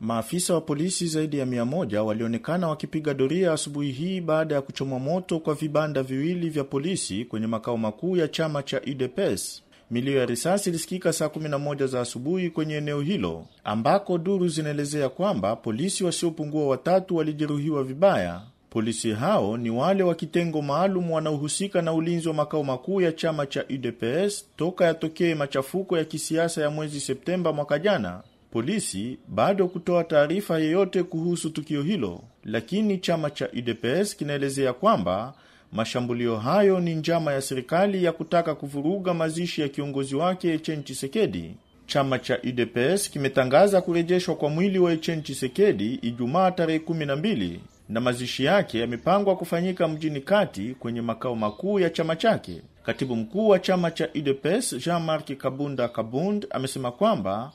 Maafisa wa polisi zaidi ya mia moja walionekana wakipiga doria asubuhi hii baada ya kuchomwa moto kwa vibanda viwili vya polisi kwenye makao makuu ya chama cha UDPS. Milio ya risasi ilisikika saa 11 za asubuhi kwenye eneo hilo ambako duru zinaelezea kwamba polisi wasiopungua watatu walijeruhiwa vibaya. Polisi hao ni wale wa kitengo maalum wanaohusika na ulinzi wa makao makuu ya chama cha UDPS toka yatokee machafuko ya kisiasa ya mwezi Septemba mwaka jana polisi bado kutoa taarifa yeyote kuhusu tukio hilo, lakini chama cha UDPS kinaelezea kwamba mashambulio hayo ni njama ya serikali ya kutaka kuvuruga mazishi ya kiongozi wake Etienne Tshisekedi. Chama cha UDPS kimetangaza kurejeshwa kwa mwili wa Etienne Tshisekedi Ijumaa tarehe 12 na mazishi yake yamepangwa kufanyika mjini Kati kwenye makao makuu ya chama chake. Katibu mkuu wa chama cha UDPS Jean-Marc Kabunda Kabund amesema kwamba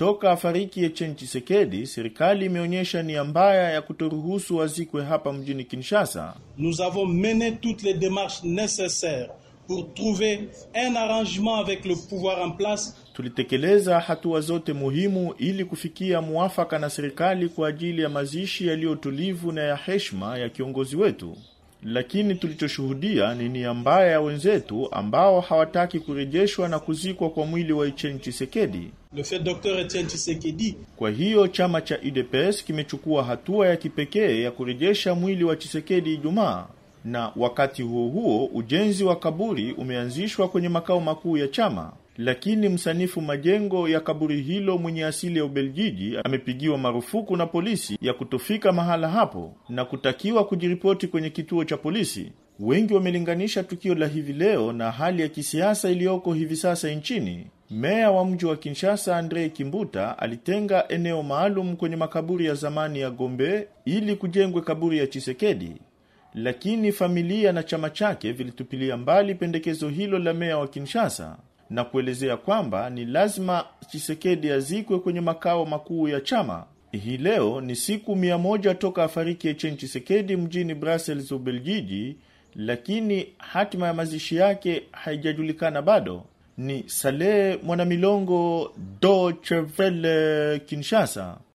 Toka afariki Etienne chisekedi serikali imeonyesha nia mbaya ya kutoruhusu wazikwe hapa mjini Kinshasa. Nous avons mené toutes les démarches nécessaires pour trouver un arrangement avec le pouvoir en place. Tulitekeleza hatua zote muhimu ili kufikia mwafaka na serikali kwa ajili ya mazishi yaliyotulivu na ya heshima ya kiongozi wetu. Lakini tulichoshuhudia ni nia mbaya ya wenzetu ambao hawataki kurejeshwa na kuzikwa kwa mwili wa Etienne Tshisekedi. Kwa hiyo chama cha UDPS kimechukua hatua ya kipekee ya kurejesha mwili wa Tshisekedi Ijumaa, na wakati huo huo ujenzi wa kaburi umeanzishwa kwenye makao makuu ya chama lakini msanifu majengo ya kaburi hilo mwenye asili ya Ubeljiji amepigiwa marufuku na polisi ya kutofika mahala hapo na kutakiwa kujiripoti kwenye kituo cha polisi. Wengi wamelinganisha tukio la hivi leo na hali ya kisiasa iliyoko hivi sasa nchini. Meya wa mji wa Kinshasa andrei Kimbuta alitenga eneo maalum kwenye makaburi ya zamani ya Gombe ili kujengwe kaburi ya Chisekedi, lakini familia na chama chake vilitupilia mbali pendekezo hilo la meya wa Kinshasa na kuelezea kwamba ni lazima Chisekedi azikwe kwenye makao makuu ya chama. Hii leo ni siku mia moja toka afariki Etienne Chisekedi mjini Brussels, Ubelgiji, lakini hatima ya mazishi yake haijajulikana bado. Ni Saleh Mwanamilongo, Dochevele, Kinshasa.